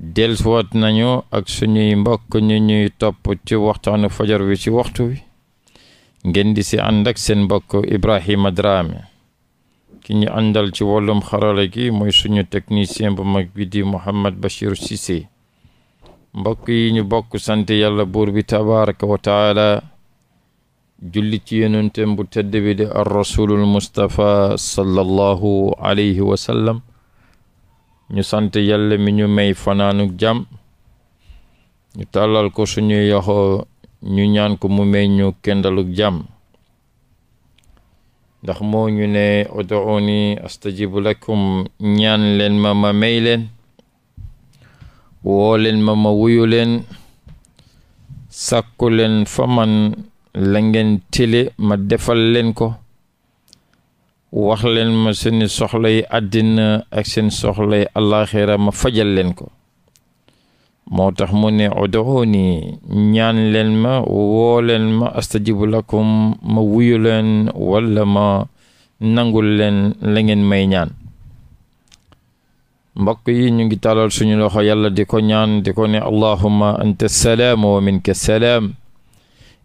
delsuwaat nañu ak suñuy mbokk ñu ñuy topp ci waxtaanu fajar wi ci waxtu wi ngeen di si ànd ak seen mbokk Ibrahima Drame ki ñu àndal ci wàllum xarala gi mooy suñu technicien bu mag bi di Mouhamed Bachir Cissé mbokk yi ñu bokk sant yàlla buur bi tabaraka wa julli ci yonenteem bu tedd bi di ar rasulul mustapha sallallahu alayhi wa ñu sant yàlla mi ñu may fanaanuk jàmm ñu tàllal ko suñu yoxo ñu ñaan ko mu may ñu kendaluk jàmm ndax moo ñu ne ud'uuni astajibu lakum ñaan leen ma ma may leen woo leen ma ma wuyu leen sàkku leen fa la ngeen tile ma defal leen ko wax leen ma seeni soxla yi àddina ak seen soxla yi àllaaxira ma fajal leen ko moo tax mu ne ni ñaan leen ma woo leen ma astajibu lakum ma wuyu leen walla ma nangul leen la ngeen may ñaan mbokk yi ñu ngi tàllal suñu loxo yàlla di ko ñaan di ko ne allahumma anta salaam wa minka salaam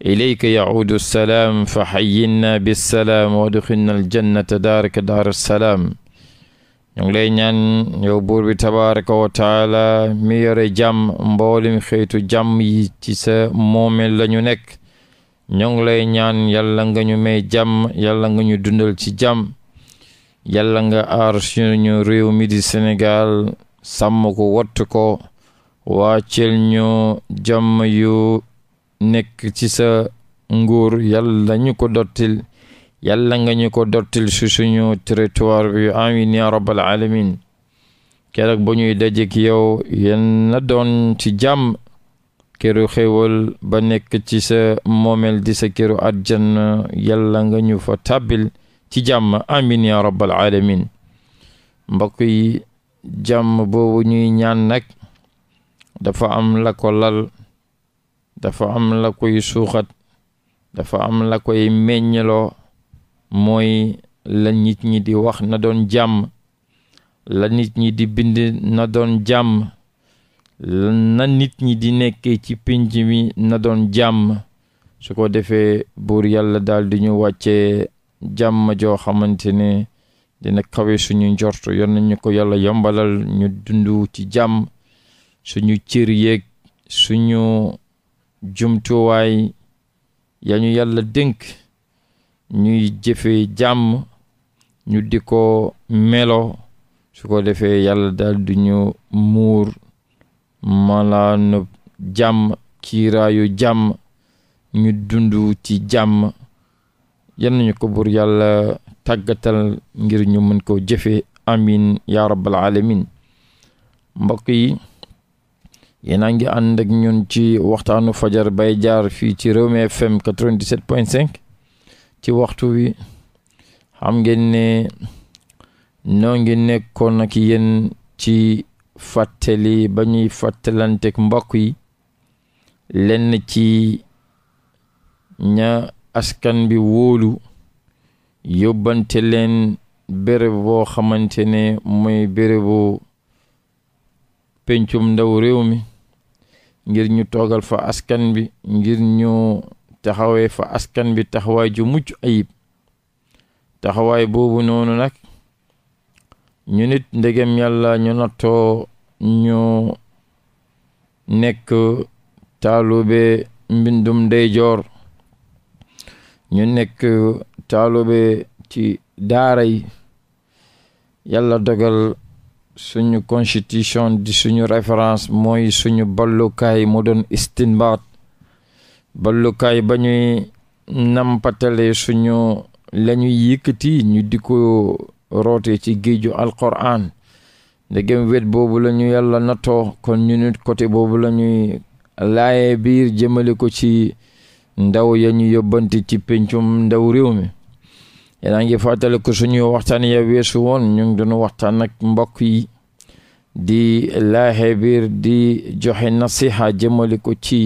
ilayka yacuudu salaam fa xayyinna bisalaam wadxilna aljannata daaraka daar salaam ñu ngi lay ñaan yow buur bi tabaraka wa taala mi yore jàmm mboolem xeetu jàmm yi ci sa moomeel la nekk ñu ngi lay ñaan yàlla nga ñu may jàmm yàlla nga ñu dundal ci jàmm yàlla nga aar suñu réew mi di Sénégal sàmm ko wattu ko waacel ñu jàmm yu nekk ci sa nguur yàlla ñu ko dottil yàlla nga ñu ko dottil su suñu territoire bi amin ya rabbal alamin keroog ba ñuy dajek yow yen na doon ci jàmm këru xéwal ba nekk ci sa moomeel di sa këru àjjana yàlla nga ñu fa tàbbil ci jàmm amin ya rabbal alamin mbokk yi jàmm boobu ñuy ñaan nag dafa am la dafa am la koy suuxat dafa am la koy meññaloo mooy la nit ñi di wax na doon jàmm la nit ñi di bind na doon jàmm na nit ñi di nekkee ci pinc mi na doon jàmm su ko defee buur yàlla daal di ñu wàcce jàmm joo xamante ne dina kawe suñu njort yon nañu ko yàlla yombalal ñu dund ci jàmm suñu cër yeeg suñu jumtuwaay ya ñu yàlla dénk ñuy jëfe jàmm ñu di ko melo su ko defee yàlla dal du ñu muur malaanu jàmm kiiraayu jàmm ñu dund ci jàmm yal nañu ko buur yàlla tàggatal ngir ñu mën ko jëfe amin ya rabbal alamin mbokk yi yéen a ngi ànd ak ñun ci waxtaanu fajar bay jaar fii ci Rewmi FM 97.5 ci waxtu wi xam ngeen ne noo ngi nekkoon ak yéen ci fàttali ba ñuy fàttalanteeg mbokk yi lenn ci ña askan bi wóolu yóbbante leen béréb woo xamante ne mooy bérébu pencum ndaw réew mi ngir ñu toogal fa askan bi ngir ñu taxawee fa askan bi taxawaay ju mucc ayib taxawaay boobu noonu nag ñu nit ndegem yàlla ñu nattoo ñu nekk taalube mbindum ndeyjoor ñu nekk taalube ci daara yi yàlla suñu constitution di suñu référence mooy suñu ballukaay mu doon istinbaat ballukaay ba ñuy nampatale suñu lañuy yëkkati ñu di ko roote ci géeju alquran ndegem wet boobu la ñu yàlla nattoo kon ñu nit côté boobu la ñuy laaye biir jëmale ko ci ndaw ya ñu yóbbante ci pencum ndaw réew mi yéen ngi fàttali ko suñu waxtaan ya weesu woon ñu ngi doon waxtaan ak mbokk yi di laaxe biir di joxe nasiha jëmale ko ci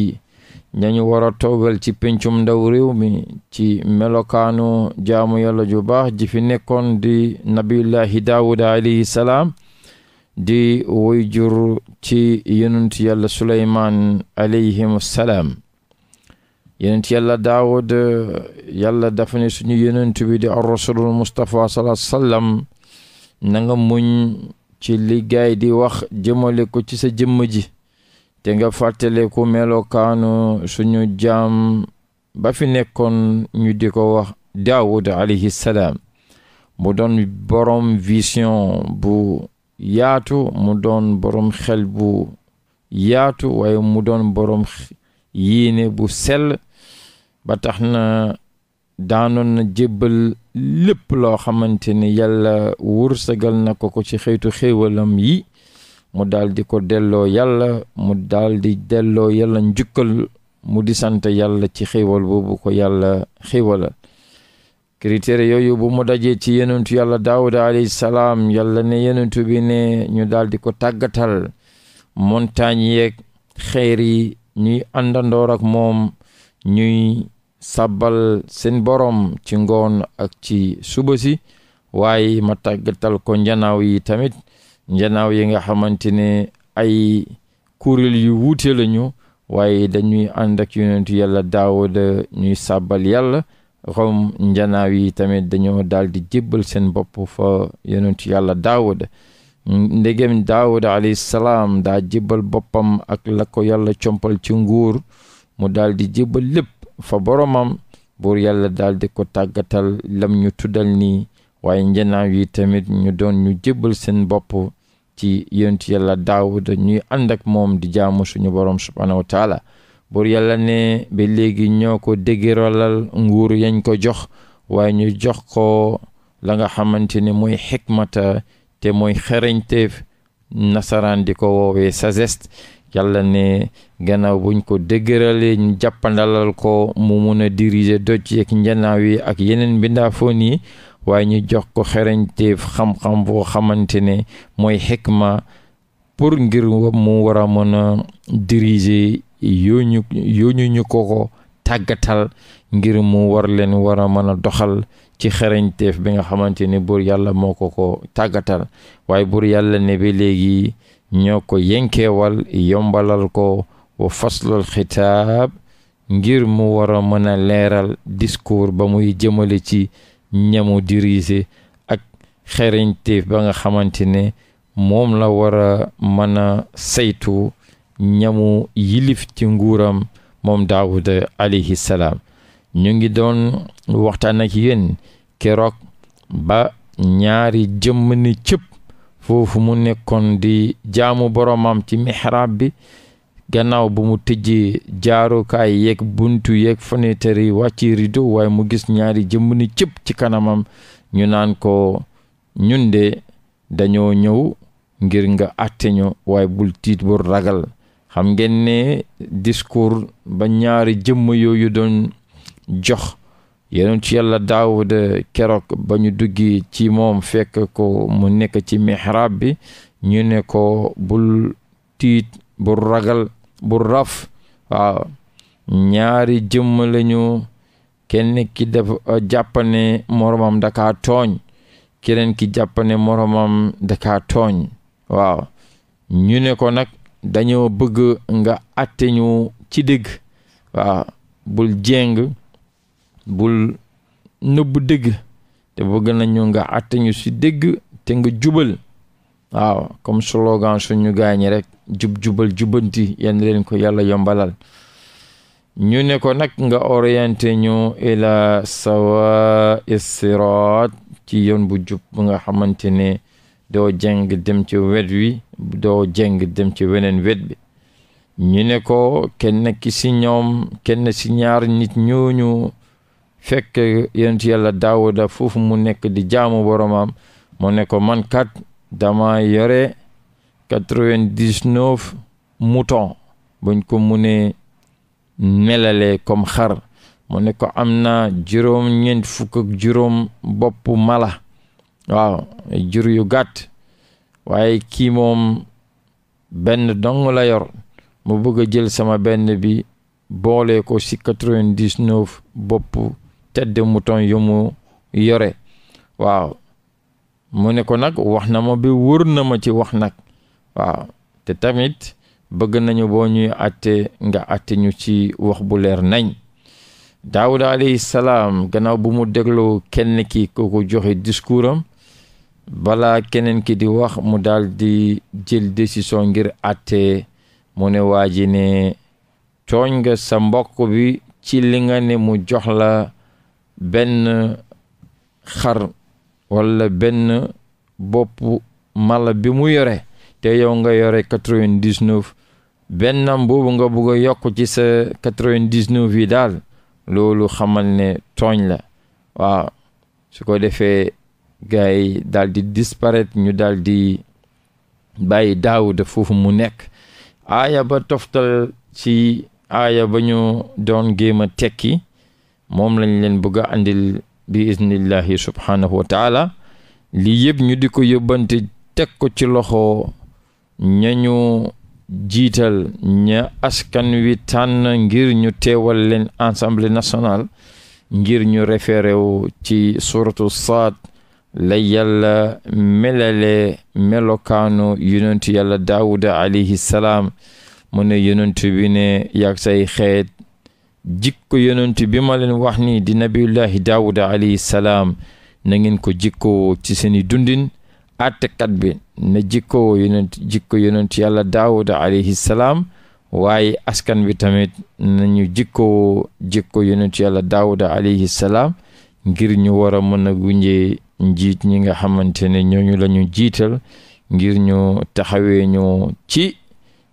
ñañu war a toogal ci pencum ndaw réew mi ci melokaanu jaamu yàlla ju baax ji fi nekkoon di nabiyullahi daawuda alayhi salaam di woy jur ci yonent yàlla suleymaan alayhim salaam yonent yàlla daawud yàlla dafa ne suñu yonent bi di ar rasulul mustapha salaa sallam muñ ci liggaay di wax jëmale ko ci sa jëmm ji te nga fàttale ku melokaanu suñu jaam ba fi nekkoon ñu di ko wax daawud alayhi salaam mu doon borom vision bu yaatu mu doon borom xel bu yaatu waaye mu doon borom yiine bu sel ba tax na daanoon na jébbal lépp loo xamante ni yàlla wursagal na ko ko ci xëytu xéwalam yi mu daldi ko delloo yàlla mu daldi di delloo yàlla njukkal mu di sant yàlla ci xéewal boobu ko yàlla xéewalal critère yooyu bu mu dajee ci yenentu yàlla daawuda alayhi salaam yàlla ne yenentu bi ne ñu daldi ko tàggatal montagne yeeg xeer yi ñuy àndandoor ak moom ñuy sabbal seen boroom ci ngoon ak ci suba si waaye ma tàggatal ko njanaaw yi tamit njanaaw yi nga xamante ne ay kuréel yu wuute lañu waaye dañuy ànd ak yonentu yàlla daawuda ñuy sàbbal yàlla xom njanaaw yi tamit dañoo daal di jébbal seen bopp fa yonentu yàlla daawuda ndegem daawuda alayhi salaam daa jébbal boppam ak la ko yàlla compal ci nguur mu daldi di jébbal lépp fa boromam buur yàlla daal di ko tàggatal lam ñu tuddal nii waaye njanaaw yi tamit ñu doon ñu jébbal seen bopp ci yonentu yàlla daawuda ñuy ànd ak moom di jaamu suñu borom subhaanahu wa taala buur yàlla ne ba léegi ñoo ko dégëralal nguur yañ ko jox waaye ñu jox ko la nga xamante ne mooy xikmata te mooy xereñteef nasaraan di ko woowee sagesse yàlla ne gannaaw buñ ko dëggëralee ñu jàppandalal ko mu mun a diriger doj yeeg njanaaw yi ak yeneen mbindaafoon nii waaye ñu jox ko xerañteef xam-xam boo xamante ne mooy xikma pour ngir mu war a mën a diriger yooñu ñu ko ko tàggatal ngir mu war leen war a mën a doxal ci xerañteef bi nga xamante ne buur yàlla moo ko ko tàggatal waaye buur yàlla ne ba léegi ñoo ko yenkeewal yombalal ko wa faslul xitaab ngir mu war a mën a leeral discours ba muy jëmale ci ñamu diriise ak xereñteef ba nga xamante ne moom la war a mën a saytu ñamu yilif ci nguuram moom daawuda alayhi ñu ngi doon waxtaan ak yéen keroog ba ñaari jëmm ni cëpp foofu mu nekkoon di jaamu boromam ci mihrab bi gannaaw bu mu tijji jaarukaay yeeg buntu yeeg fenêtre yi wàcci rido waaye mu gis ñaari jëmm ni cëpp ci kanamam ñu naan ko ñun de dañoo ñëw ngir nga àtte waaye bul tiit bul ragal xam ngeen ne ba ñaari jëmm yooyu doon jox yonent yàlla daawud keroog ba ñu duggi ci moom fekk ko mu nekk ci mihrab bi ñu ne ko bul tiit bul ragal bul raf waaw ñaari jëmm lañu kenn ki dafa jàppane moromam dakaa tooñ keneen ki jàppane moromam dakaa tooñ waaw ñu ne ko nag dañoo bëgg nga àtte ñu ci dëgg waaw bul jeng bul nëbb dëgg te bëgg nañu nga àtte ñu si dëgg te nga jubal waaw comme slogan suñu gaañi rekk jub jubal jubanti yan leen ko yàlla yombalal ñu ne ko nag nga orienté ñu ila sawa sirat ci yoon bu jub bu nga xamante ne doo jeng dem ci wet wi doo jeng dem ci weneen wet bi ñu ne ko kenn ki si ñoom kenn si ñaar nit ñooñu fekk yonent yàlla daawuda foofu mu nekk di jaamu boromam mu ne ko man kat dama yore quatre vingt dix buñ ko munee melale comme xar mu ne ko am na juróom ñeent fukk ak juróom bopp mala waaw jur yu gàtt waaye kii moom benn dong la yor mu bëgg a jël sama benn bi boole ko ci quatre bopp tedd de mouton yu mu yore waaw mu ne ko nag wax na ma bi wër na ma ci wax nag waaw te tamit bëgg nañu boo ñuy atte nga àtte ñu ci wax bu leer nañ daawuda alayhi salaam gannaaw bu mu dégloo kenn ki kooku joxe discours am balaa keneen ki di wax mu daldi di jël décision ngir atte mu ne waa ji ne cooñ nga sa mbokk bi ci li nga ne mu jox la benn xar walla benn bopp mala bi mu yore te yow nga yore quatre-vingt-dix-neuf bennam boobu nga bëgg yokk ci sa quatre vingt dix yi daal loolu xamal ne tooñ la waaw su ko defee gars yi daal di disparaître ñu daal di bàyyi daawuda foofu mu nekk aaya ba toftal ci aaya ba ñu doon géem a tekki moom lañ leen bëgg a andil bi iznillahi subhaanahu wa taala lii yëpp ñu di ko yóbbante teg ko ci loxo ñañu jiital ña askan wi tànn ngir ñu teewal leen assemblée national ngir ñu référé ci suratu saad la yàlla melale melokaanu yonentu yàlla daawuda alayhi salaam mu ne yonentu bi ne yàgg say xeet jikko yonent bi ma wax ni di nabiyullahi daawuda alayhi salaam na ko jikkoo ci seeni dundin àttekat bi na jikkoo yonent jikko yonent yàlla daawuda alayhi salaam waaye askan bi tamit nañu jikkoo jikko yonent yàlla daawuda alayhi salaam ngir ñu war a mën a njiit ñi nga xamante ne ñooñu la ñu jiital ngir ñu taxawee ñu ci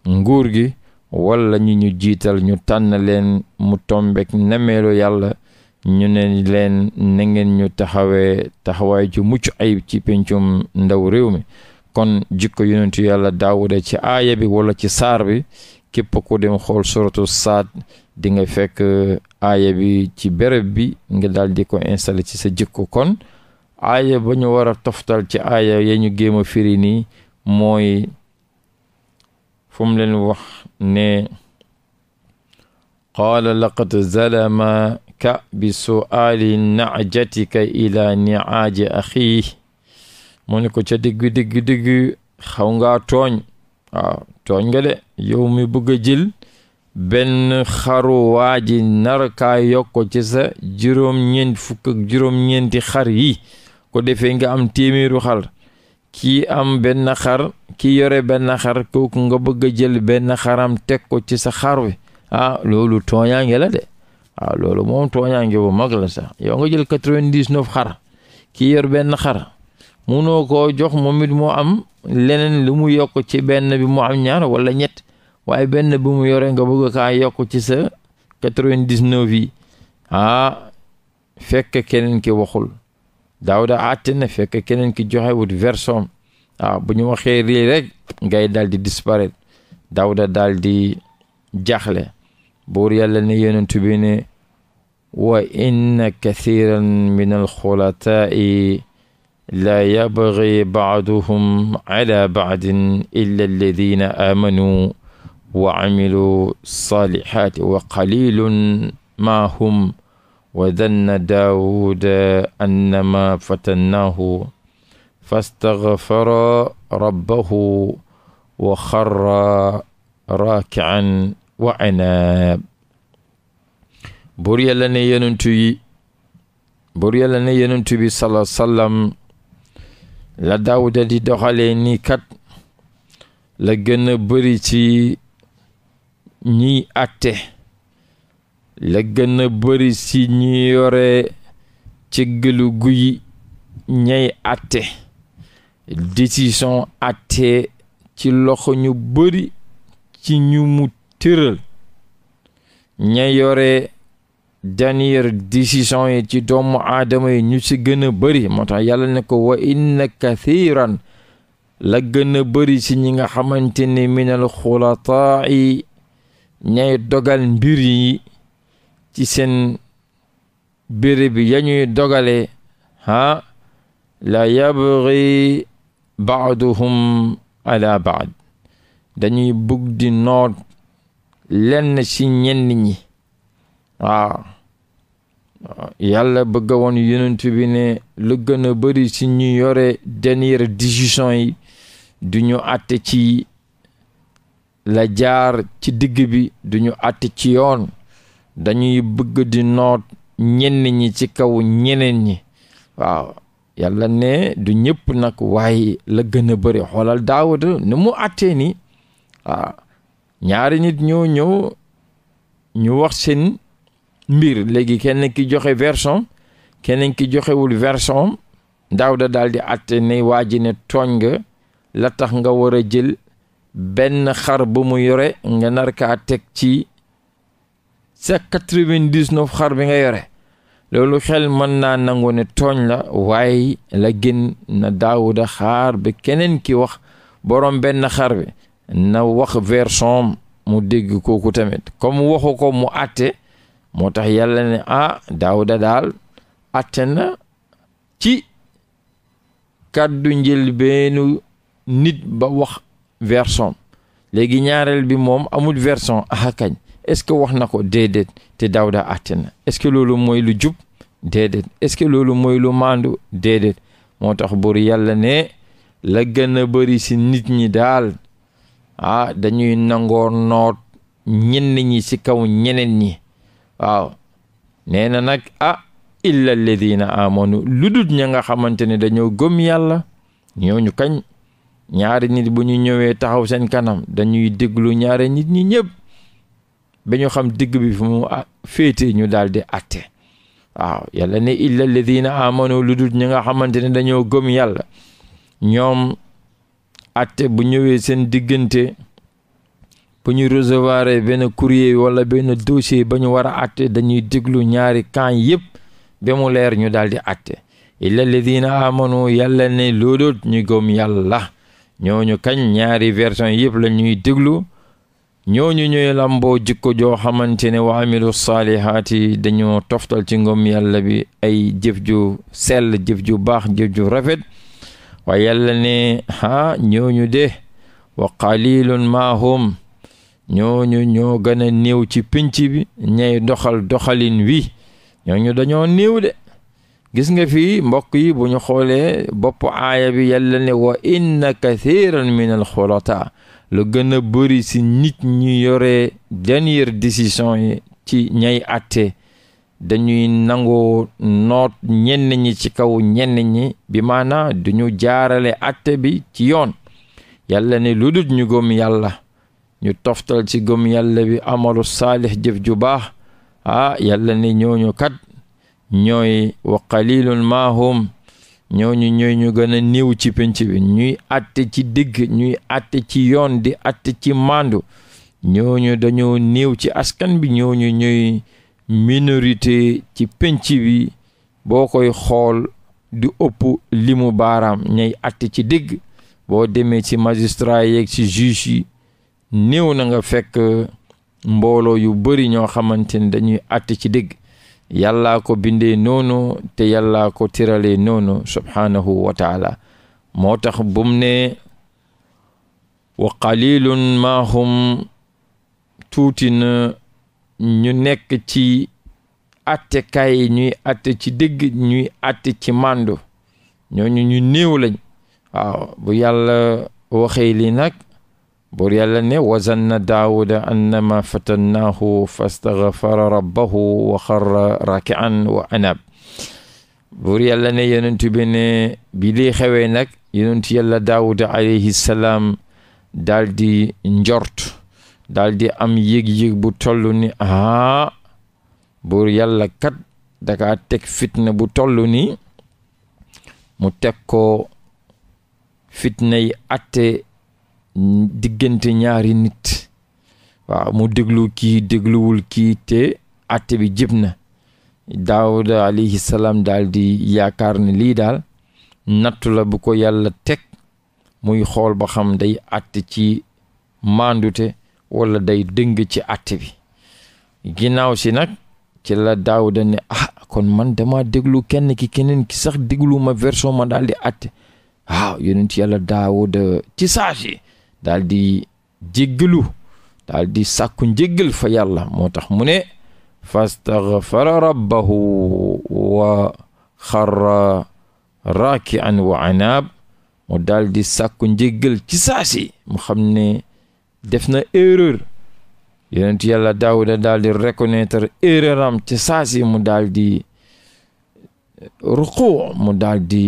nguur gi walla ñu ñu jiital ñu tànn leen mu tombeek nameelu yàlla ñu ne leen na ngeen ñu taxawee taxawaay ju mucc ayib ci pencum ndaw réew mi kon jikko yonentu yàlla daawuda ci aaya bi wala ci saar bi képp ku dem xool suratu saat dinga fekk aaya bi ci béréb bi nga daal di ko installé ci sa jikko kon aaya ba ñu war a toftal ci aaya ya ñu géem firi nii mooy fu mu leen wax ne qaala laqad zalama ka bi suaali najatika ila niaaji axii mu ko ca digg digg digg xaw ngaa tooñ waaw tooñ nga de yow mi bëgg a jël benn xaru waa ji narkaa yokk sa juróom ñeenti xar yi ko defee nga am téeméeru xar kii am benn xar kii yore benn xar kooku nga bëgg a jël benn xaram teg ko ci sa xar wi ah loolu tooñaange la de waaw ah, loolu moom tooñaange bu mag la sax yow nga jël quatre-vingt-dix-neuf xar kii yor benn xar munoo koo jox moom it mu am leneen lu mu yokk ci benn bi mu am ñaar wala ñett waaye benn bi mu yore nga bëgg kaa yokk ci sa quatre-vingt-dix-neuf yi ah fekk keneen ki waxul daawda àtte na fekk keneen ki joxe wut version waaw bu ñu waxee lii rek ngay daal di disparaître daawda di jaaxle buur yàlla ne yonent bi wa inna kathiran min alxulatai laa yabgi baaduhum ala baadin illa alladina aamanuu wa amilu saalihaati hum wadanna daawuda annama fatannaahu fastaghfara rabbahu wa xarra raakian wa anaab buur yàlla ne yenentu yi yàlla ne yenentu bi sala sallam la daawuda di doxalee ni kat la gën a bëri ci ñi àtte la gën a bari si ñu yore cëggalu guy ñay atte décision atte ci loxo ñu bari ci ñu mu tëral ña yore dernière décision yi ci doomu aadama yi ñu ci gën a bari moo tax yàlla ne ko wa inna kathiran la gën bari ci ñi nga xamante ne minal xulataa yi ñay dogal mbir yi ci seen béréb bi yañuy dogale ha la yabri baaduhum ala baad dañuy bugg di noot lenn ci ñenn ñi waaw yàlla bëgg woon bi ne lu gën a bari ci ñu yore dernière décision yi du ñu àtte ci la jaar ci digg bi du ñu àtte ci yoon dañuy bëgg di noot ñenn ñi ci kaw ñeneen ñi waaw yàlla ne du ñëpp nag waaye la gën a bëri xoolal daawuda ni mu àttee ni waaw ñaari nit ñoo ñëw ñu wax seen mbir léegi kenn ki joxe version kenn ki joxewul version daawuda daal di àtte ne waa ji ne tooñ nga la tax nga war a jël benn xar ba mu yore nga nar kaa teg ci sa quatre-vingt-dix-neuf xar bi nga yore loolu xel mën naa nangu ne tooñ la waaye la génn na daawuda xaar ba keneen ki wax boroom benn xar bi na wax version mu dégg kooku tamit comme waxu ko mu atte moo tax yàlla ne ah daawuda daal àtte na ci kàddu njëlbeenu nit ba wax verson léegi ñaareel bi moom amul verson ah kañ est-ce que wax na ko déedéet te Dawda àtte na est-ce que loolu mooy lu jub déedéet est loolu mooy lu maandu déedéet moo tax buur yàlla ne la gën a bëri nit ñi daal ah dañuy nangoo noot ñenn ñi ci kaw ñeneen ñi waaw nee na nag ah illa alladina amanu lu dut ña nga xamante ne dañoo gëm yàlla ñooñu kañ ñaari nit bu ñu ñëwee taxaw seen kanam dañuy déglu ñaari nit ñi ñëpp ba ñu xam digg bi fu mu ah, féete ñu daal di atte waaw yàlla ni illa alladina amanu lu dul ñi nga xamante ne dañoo gëm yàlla ñoom atte bu ñëwee seen diggante bu ñu recevoir benn courrier wala benn dossier ba ñu war a atte dañuy diglu ñaari camp yépp ba mu leer ñu daal di atte illa alladina amanu yàlla ne loolu ñu gëm yàlla ñooñu kañ ñaari version yépp la ñuy déglu ñooñu ñooy làmboo jikko joo xamante ne wa amilu saalihaati dañoo toftal ci ngoom yàlla bi ay jëf ju sell jëf ju baax jëf ju rafet waaye yàlla ne ha ñooñu de wa qalilun ma ñooñu ñoo gëna néew ci pinc bi ñay doxal doxalin wi ñooñu dañoo néew de gis nga fi mbokk yi bu ñu xoolee bopp aaya bi yàlla ne wa inna kathiran min al lu gën a bëri si nit ñi yore dernière décision yi ci ñay àtte dañuy nangu noot ñenn ñi ci kaw ñenn ñi bi maanaa duñu jaarale àtte bi ci yoon yàlla ne lu dul ñu gom yàlla ñu toftal ci gom yàlla wi amalu saalix jëf ju baax ah yàlla ne ñooñu kat ñooy wa qalilun maahum ñooñu ñooy ñu gën a néew ci pénc bi ñuy àtte ci dégg ñuy àtte ci yoon di àtte ci màndu ñooñu dañoo néew ci askan bi ñu ñooy minorité ci pénc bi boo koy xool di ëpp limu baaraam ñay àtte ci dégg boo demee ci magistrat yeeg ci juge yi néew na nga fekk mbooloo yu bari ñoo xamante ne dañuy àtte ci dégg yàllaa ko bindee noonu te yàllaa ko tiralee noonu subhaanahu wa taala moo tax bum ne wa qalilun maahum tuuti ñu nekk ci attekaay ñuy atte ci dëgg ñuy atte ci màndu ñooñu ñu néew lañ bu yàlla waxee li buur yàlla ne wazanna daawuda annama fatannaahu fastaghfara rabbahu wa xarra wa anab buur yàlla ne yonentu bi ne bi lii xewee nag yonentu yàlla daawuda alayhi daldi njort daldi am yëg-yëg bu toll ni aa buur yàlla kat dakaa teg fitna bu toll ni mu teg ko fitna atte diggante ñaari nit waaw mu déglu kii dégluwul ki te atte bi jib na daawuda alayhi salaam daal di yaakaar ne lii daal nattu la bu ko yàlla teg muy xool ba xam day àtte ci maandute walla day dëng ci àtte bi ginnaaw si nag ci la daawuda ne ah kon man dama déglu kenn ki keneen ki sax déglu ma version ma daal di àtte waaw yonent yàlla daawuda ci saasi daal di jéggalu daal di sàkku njéggal fa yàlla moo tax mu ne fastaghfara rabbahu wa xarra raakian wa anaab mu daal di sàkku njéggal ci saasi mu xam ne def na erreur yonent yàlla daawuda daal di reconnaître erreur am ci saasi mu daal di ruqu mu daal di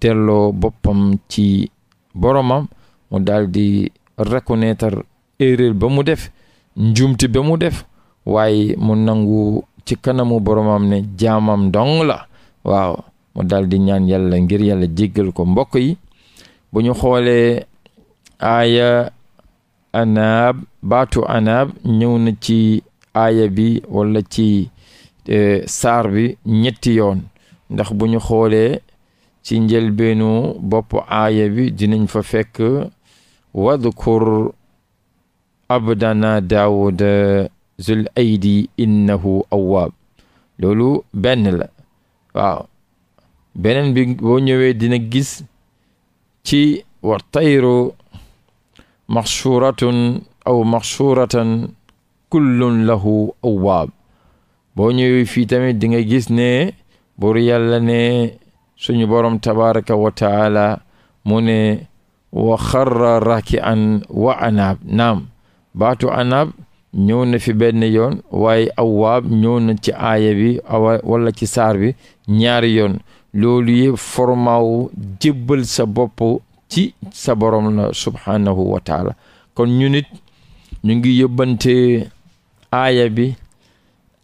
delloo boppam ci boromam mu daldi di reconnaître ba mu def njuumte ba mu def waaye mu nangu ci kanamu boromam ne jaamam dong la waaw mu daal ñaan yàlla ngir yàlla jéggal ko mbokk yi bu ñu xoolee aaya anaab baatu anaab ñëw na ci aaya bi walla ci e, saar bi ñetti yoon ndax bu ñu xoolee ci njëlbeenu bopp aaya bi dinañ fa fekk wadkur abdana daawud zul aydi innahu awwaab loolu benn la waaw bi boo ñëwee dina gis ci wa tayru maxsuuratun aw maxsuuratan kullun lahu awwaab boo ñëwee fii tamit di nga gis ne buur yàlla ne suñu borom tabaraka wa mu ne wa xarra raki an wa anaab naam baatu anaab ñëw na fi benn yoon waaye awaab ñëw na ci aaya bi awa wala ci saar bi ñaari yoon loolu yi formaawu jébbal sa bopp ci sa borom la subhaanahu wa kon ñu nit ñu ngi yóbbante aaya bi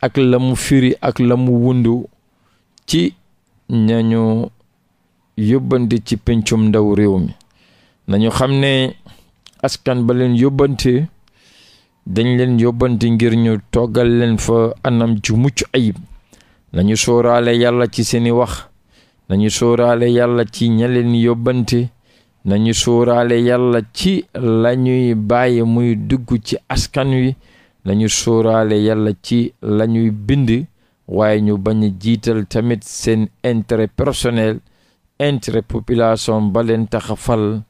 ak lamu mu firi ak la wundu ci ñañu yóbbante ci pencum ndaw réew mi nañu xam ne askan baleen yóbbante dañ leen yóbbante ngir ñu toggal leen fa anam ju mucc ayib nañu sóoraale yàlla ci seeni wax nañu sóoraale yàlla ci ña yóbbante nañu sóoraale yàlla ci la bàyyi muy dugg ci askan wi nañu sóoraale yàlla ci la ñuy bind waaye ñu bañ jiital tamit seen intérêt personnel intérêt population ba leen taxafal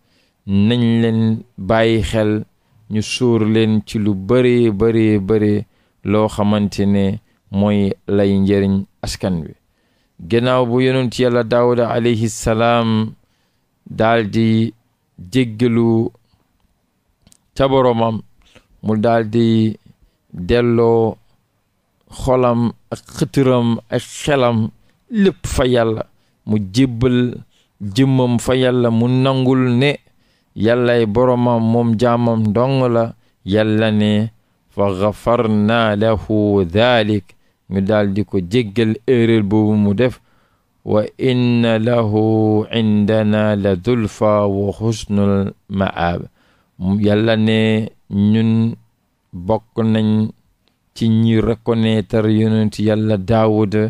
nañ leen bàyyi xel ñu suur leen ci lu bëree bëree bëri loo xamante ne mooy lay njëriñ askan wi gannaaw bu yonent yàlla daawuda alayhi salaam daal di jéggalu ca mu daldi delloo xolam ak xëtëram ak xelam lépp fa yàlla mu jébbal jëmmam fa yàlla mu nangul ne yàllay boromam moom jaamam dong la yàlla ne fa gafarna lahu dalik ñu daldi ko jéggal erreur boobu mu def wa inna lahu indana la zulfa wa xusnul maab yàlla ne ñun bokk ci ñi reconnaître yonent yàlla daawuda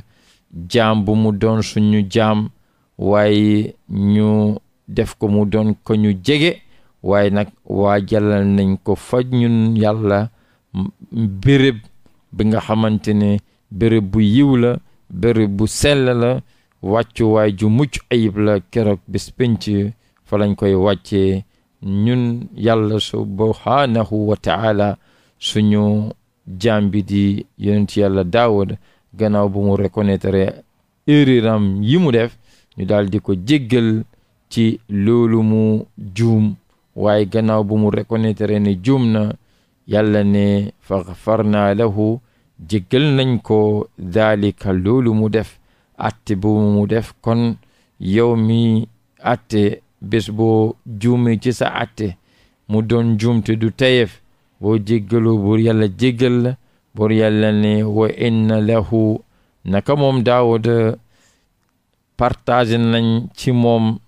jaam bu mu doon suñu jaam waaye ñu def ko mu doon ko ñu jege waaye nag waa jàllal nañ ko fa ñun yàlla béréb bi nga xamante ne béréb bu yiw la bërëb bu sell la wàccuwaay ju mucc ayib la keroog bis pénc fa lañ koy wàcce ñun yàlla subhanahu wa taala suñu jaam bi di ci yàlla daawud gannaaw bu mu reconnaître erreur am yi mu def ñu daal ko jéggal ci loolu mu juum waaye gannaaw bu mu reconnaître ne juum na yàlla ne farna lahu jéggal nañ ko daalika loolu mu def atte bu mu def kon yow mi atte bés boo juume ci sa atte mu doon juumte du tayef boo jéggaloo buur yàlla jéggal la buur ne wa inna lahu naka moom daawuda partage nañ ci moom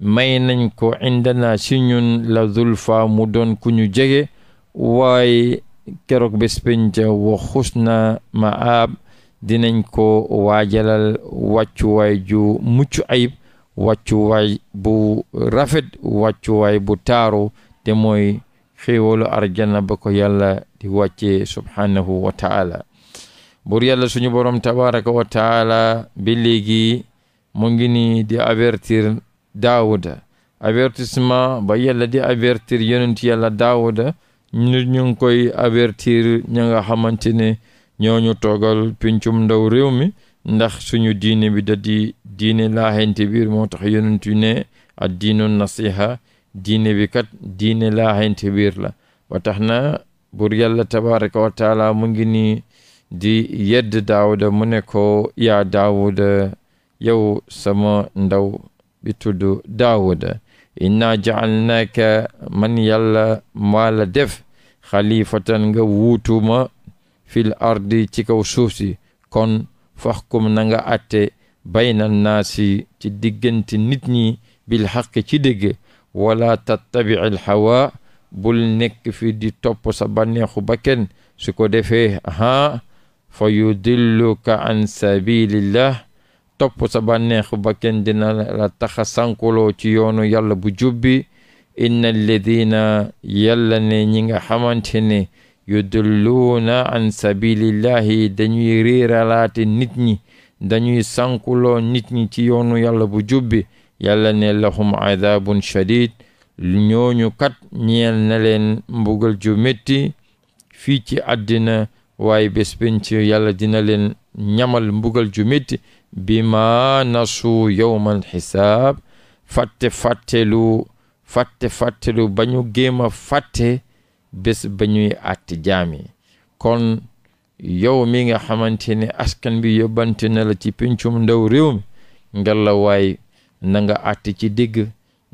may nañ ko indana si ñun la zulfa mu doon ku ñu jege waaye keroog bés penc wa xusna maab dinañ ko waajalal wàccuwaay ju mucc ayib wàccuwaay bu rafet wàccuwaay bu taaru te mooy xéewalu arjana ba ko yàlla di wàcce subhaanahu wa taala bur yàlla suñu borom tabaraka wa taala bi léegi mu ngi ni di avertir daawuda avertissement ba yàlla di avertir yonent yàlla daawuda ñu koy avertir ña nga xamante ne ñooñu toogal pincum ndaw réew mi ndax suñu diine bi da di diine laaxante biir moo tax yonent ne ak diinu nasiha diine bi kat diine laaxante biir la ba tax na buur yàlla tabaraka wa taala mu ngi nii di yedd daawuda mu ne ko yaa daawuda yow sama ndaw bi tudd daawuda inna jaalnaaka man yàlla maa def xalifatan nga wuutuma fil ardi ci kaw suuf si kon faxkum nanga nga àtte bayna naasi ci diggante nit ñi bil xaq ci dégg wala tattabi al hawa bul nekk fi di topp sa bànneexu bakken su ko defee haa fa yudilluka an sabilillah topp sa bànneexu bakken dina la taxa sankuloo ci yoonu yàlla bu jubbi inna alladina yàlla ne ñi nga xamante ne yudulluuna an sabilillahi dañuy réeralaate nit ñi dañuy sankuloo nit ñi ci yoonu yàlla bu jubbi yàlla ne lahum adabun shadid ñooñu kat ñeel na leen mbugal ju métti fii ci àddina waaye bés penc yàlla dina leen ñamal mbugal ju métti bi ma nasu yowmal xisaab fàtte fàttelu fàtte fàttelu ba ñu géem a fàtte bés ba ñuy àtte jaami kon yow mi nga xamante ni askan bi yóbbante na la ci pencum ndaw réew mi nga la waay na nga àtte ci dégg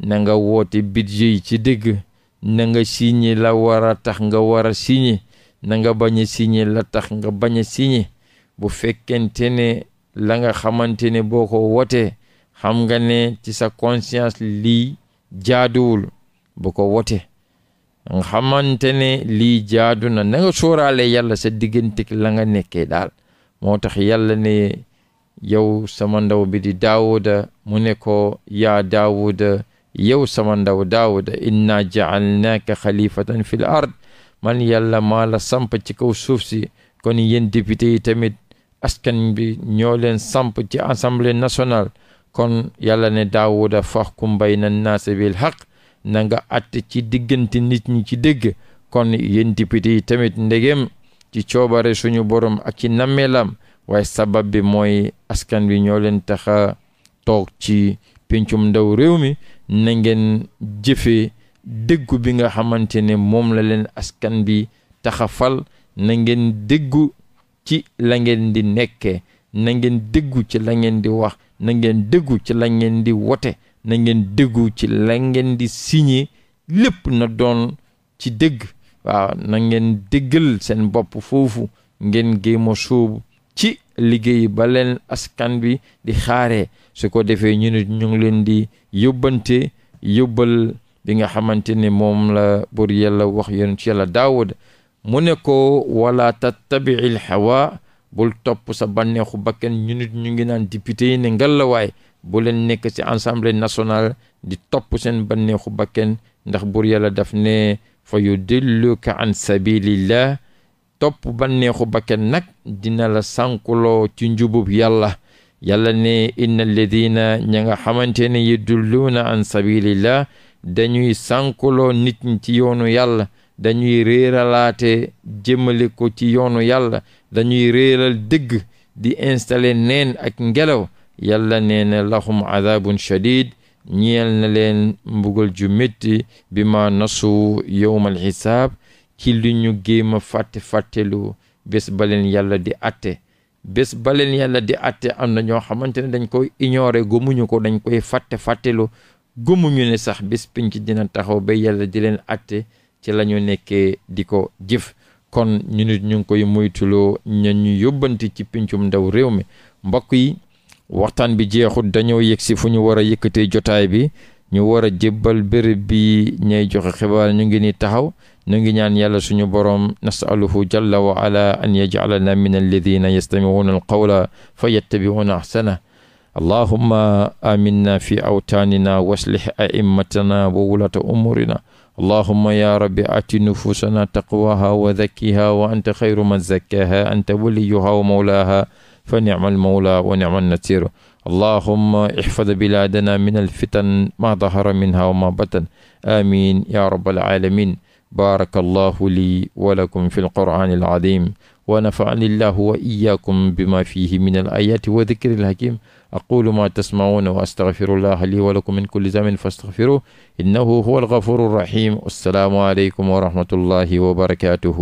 na nga woote budget yi ci dégg na nga signé la war a tax nga war a signé na bañ a signé la tax nga bañ a signé bu fekkente ne la nga xamante ne boo ko wotee xam nga ne ci sa conscience lii jaaduwul bu ko wote nga xamante ne lii jaadu na na nga sóoraale yàlla sa diggante la nga nekkee daal moo tax yàlla ne yow sama ndaw bi di daawuda mu ne ko yaa daawuda yow sama ndaw daawuda inna jaalnaaka xalifatan fil ard man yàlla maa la samp ci kaw suuf si kon yéen député yi tamit askan bi ñoo leen samp ci assemblée national kon yàlla ne daawuda faxkum bayna naasi bil xaq na nga àtt ci diggante nit ñi ci dégg kon yéen député yi tamit ndegem ci coobare suñu borom ak ci nammeelam waaye sabab bi mooy askan bi ñoo leen tax a toog ci pencum ndaw réew mi na ngeen jëfee déggu bi nga xamante ne moom la leen askan bi taxafal na ngeen déggu ci la ngeen di nekkee na ngeen déggu ci la ngeen di wax na déggu ci la ngeen di wote na ngeen déggu ci la ngeen di signé lépp na doon ci dégg waaw na ngeen déggal seen bopp foofu ngeen géema sóobu ci liggéey ba leen askan bi di xaare su ko defee ñu ne ñu ngi leen di yóbbante yóbbal bi nga xamante ne moom la bur yàlla wax yonent yàlla daawuda mu ne ko wala tattabiil hawa bul topp sa banneexu bakken ñu nit ñu ngi naan député yi ne ngalawaay bu leen nekk ci assemblée nationale di topp seen banneexu bakken ndax bur yàlla daf ne fa yu yudilluka an sabilillah topp bànneexu bakken nag dina la sànkuloo ci njubub yàlla yàlla ne inna alladina ña nga xamante ne yudilluuna an sabilillah dañuy sànkuloo nit ñi ci yoonu yàlla dañuy réeralaate jëmale ko ci yoonu yàlla dañuy réeral dëgg di installé neen ak ngelaw yàlla nee na lahum adabun shadid ñeel na leen mbugal ju métti bi ma nasu yowmal xisaab ci li ñu géem a fàtte fàttelu bés baleen yàlla di atte bés baleen yàlla di atte am na ñoo xamante ne dañ koy ignorer gëmuñu ko dañ koy fàtte fàttelu gëmuñu ne sax bés pinc dina taxaw ba yàlla di leen atte ci lañu ñu nekkee di ko jëf kon ñu nit ñu koy moytuloo ña ñu yóbbanti ci pincum ndaw réew mi mbokk yi waxtaan bi jeexut dañoo yegg si fu ñu war a yëkkatee jotaay bi ñu war a jébbal béréb bi ñay joxe xibaar ñu ngi ni taxaw ñu ngi ñaan yàlla suñu boroom nasaluhu jalla wa ala an yajalana min alladina yastamiuuna alqawla fa yattabiuuna aminna fi awtaanina waslih aimmatana wa wulata umurina allahuma ya rabbi ati nufuusana taqwaha wa zakkiha wa anta xayru man zakkaha anta waliyuha wa mawlaha fa nicma almawla wa nicma alnasir allahuma ixfad bilaadana min alfitan ma dahara minha wa ma batan amin ya rabbal alamin baraka allahu li wa lakum fi alqur'ani alazim wa nafa'ani allahu wa iyyakum bima fihi min alayati wa dhikri alhakim aqulu ma tasmauna wa astaghfirullaha li wa lakum min kulli zamin fastaghfiruhu innahu huwa alghafuru rahim assalaamu aleykum wa rahmatullahi wa barakatuhu